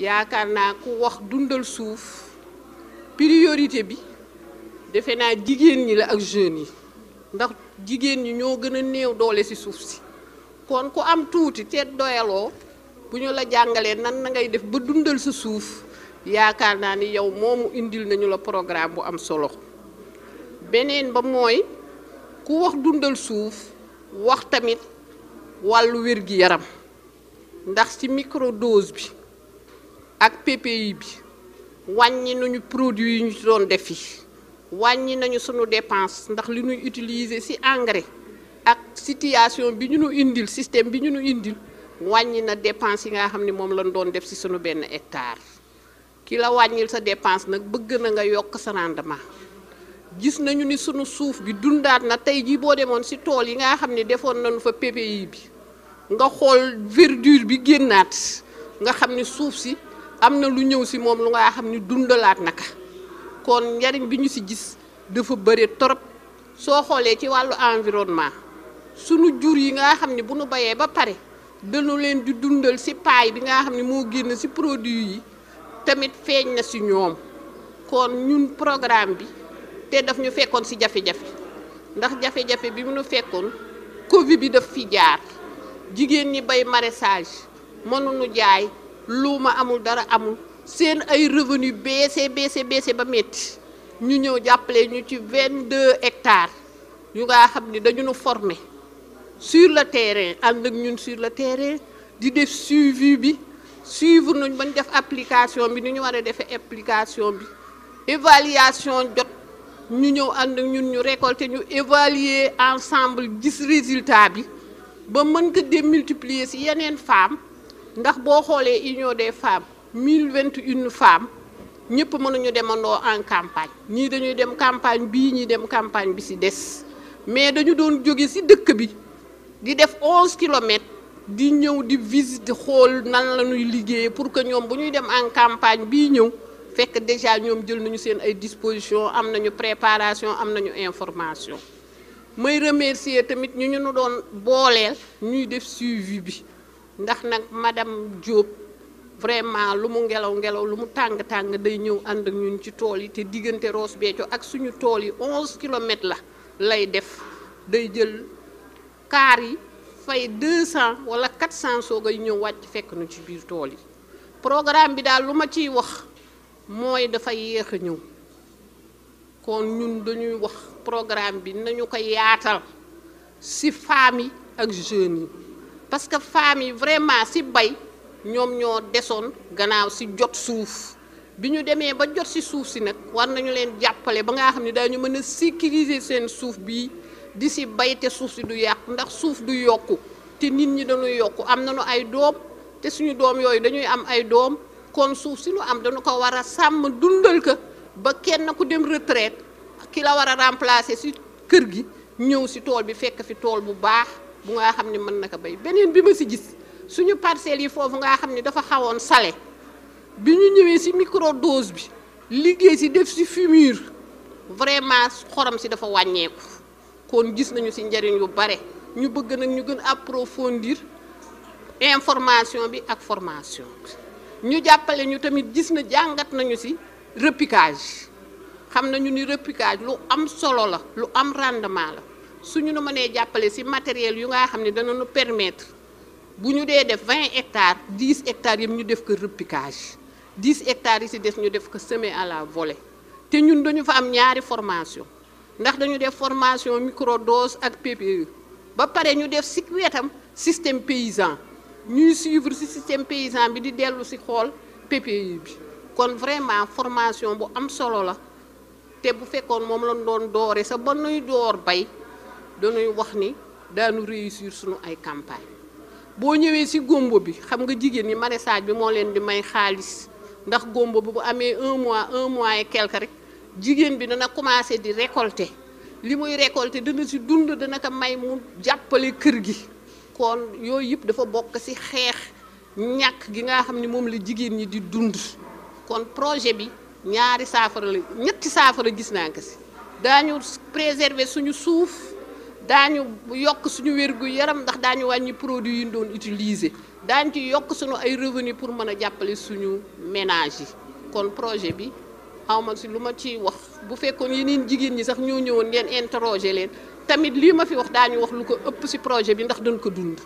yaakaar naa ku wax dundal suuf priorité bi defe naa jigéen ñi la ak jeunes yi ndax jigéen ñi ñoo gën a néew doole si suuf si kon ku am tuuti te doyaloo bu ñu la jàngalee nan na ngay def ba dundal sa suuf yaakaar naa ni yow moomu indil nañu la programme bu am solo beneen ba mooy ku wax dundal suuf wax tamit wàllu wér gi yaram ndax si microdose bi ak PPI bi wàññi nañu produit yi ñu doon def fi wàññi nañu sunu dépense ndax li ñuy utiliser ci engrais ak situation bi ñu nu indil système bi ñu nu indil wàññi na dépense yi nga xam ni moom lañ doon def ci suñu benn hectare ki la wàññil sa dépense nag bëgg na nga yokk sa rendement gis nañu ni sunu suuf bi dundaat na tey jii boo demoon ci tool yi nga xam ne defoon nañu fa PPI bi nga xool verdure bi génnaat nga xam ne suuf si. am na lu ñëw si moom lu nga xam ni dundalaat naka kon njariñ bi ñu si gis dafa bëri torop soo xoolee ci wàllu environnement sunu jur yi nga xam ni bu nu bayee ba pare dañu leen di dundal si paay bi nga xam ni moo génn si produit yi tamit feeñ na si ñoom kon ñun programme bi te daf ñu fekkoon si jafe-jafe ndax jafe-jafe bi mu nu fekkoon Covid bi daf fi jaar jigéen ñi bay maraîchage mënuñu jaay luuma amul dara amul seen ay revenu baissé baissé baissé ba métti ñu ñëw jàppale ñu ci 22 hectares yu nga xamni dañu nu former sur le terrain ànd ak ñun sur le terrain di def suivi bi suivre nañ bañ def application bi ni ñu wara def application bi évaluation jot ñu ñëw and ak ñun ñu récolter ñu évaluer ensemble gis résultat bi ba mën ko démultiplier ci yenen femmes ndax boo xoolee union des femmes mille vingt une femmes ñëpp mënuñu demandoo en campagne ñii dañuy dem campagne bii ñii dem campagne bi ci des mais dañu doon jóge ci dëkk bi di def onze kilomètres di ñëw di visite xool nan la ñuy liggéey pour que ñoom bu ñuy dem en campagne bii ñëw fekk déjà ñoom jël nañu seen ay disposition am nañu préparation am nañu information may remercier tamit ñu ñu doon booleel ñuy def suivi bi ndax nag madame Diop vraiment lu mu ngelaw ngelaw lu mu tàng-tàng day ñëw ànd ak ñun ci tool yi te diggante Ross Béthio ak suñu tool yi onze kilomètres la lay def day jël kaar yi fay deux cent wala quatre cent soo koy ñëw wàcc fekk nu ci biir tool yi programme bi daal lu ma ciy wax mooy dafa yéex a ñëw kon ñun dañuy wax programme bi nañu ko yaatal si femmes yi ak jeunes yi parce que femmes yi vraiment si bay ñom ñoo desoon gannaaw si jot souf biñu démé ba jot si souf si nak war nañu leen jappalé ba nga xamni dañu mëna sécuriser sen souf bi di si bay te suuf si du yàqu ndax souf du yokku té nit ñi dañu yokku am nañu ay doom té suñu doom yoy dañuy am ay doom kon souf si lu am dañu ko wara sam dundal ke ba kenn ku dem retraite ki la wara remplacer ci kër gi ñëw ci tool bi fekk fi tool bu baax bu nga xamni man naka bay benen bima beneen si gis suñu parcelle yi fofu nga xamni dafa xawone salé biñu ñëwé ci micro dose bi liggéey ci def si fumure vraiment xorom ci dafa wàññeeku kon gis nañu ci njëriñ yu bare ñu bëgg nak ñu gën approfondir information bi ak formation ñu jappalé ñu tamit gis na jangat nañu si repiquage xamna ñu ni repiquage lu am solo la lu am rendement la suñu ñu mëne jappalé ci matériel yu nga xam dañu ñu permettre buñu dé def 20 hectares 10 hectares yëm ñu def ko repiquage 10 hectares yi si ñu def ko semer à la volée té ñun dañu fa am ñaari formation ndax dañu def formation microdose ak PPE ba paré ñu def si wetam système paysan ñuy suivre ci système paysan bi di déllu ci xol PPE bi kon vraiment formation bu am solo la té bu fekkoon moom lañ doon doore sa ba nuy door bay dañuy wax ni daanu réussir suñu ay campagne boo ñëwee ci gombo bi xam nga jigéen ñi maraîchage bi moo leen di may xaalis ndax gombo bi bu amee un mois un mois et rek jigéen bi dana commencer di récolter li muy récolter dana ci dund dana ko may mu jàppale kër gi kon yooyu yëpp dafa bokk ci xeex ñàkk gi nga xam ni moom la jigéen ñi di dund kon projet bi ñaari saafara la ñetti saafara gis naa ko ci daañu préserver suñu suuf daañu yokk suñu wérgu yaram ndax daañu que produit pour nous a suñu ménage yi kon projet bi xaw ma si lu ma wax bu fekkoon yeneen sax ñoo interroger leen tamit fi wax daañu wax lu ko ëpp projet bi ndax dañ ko dund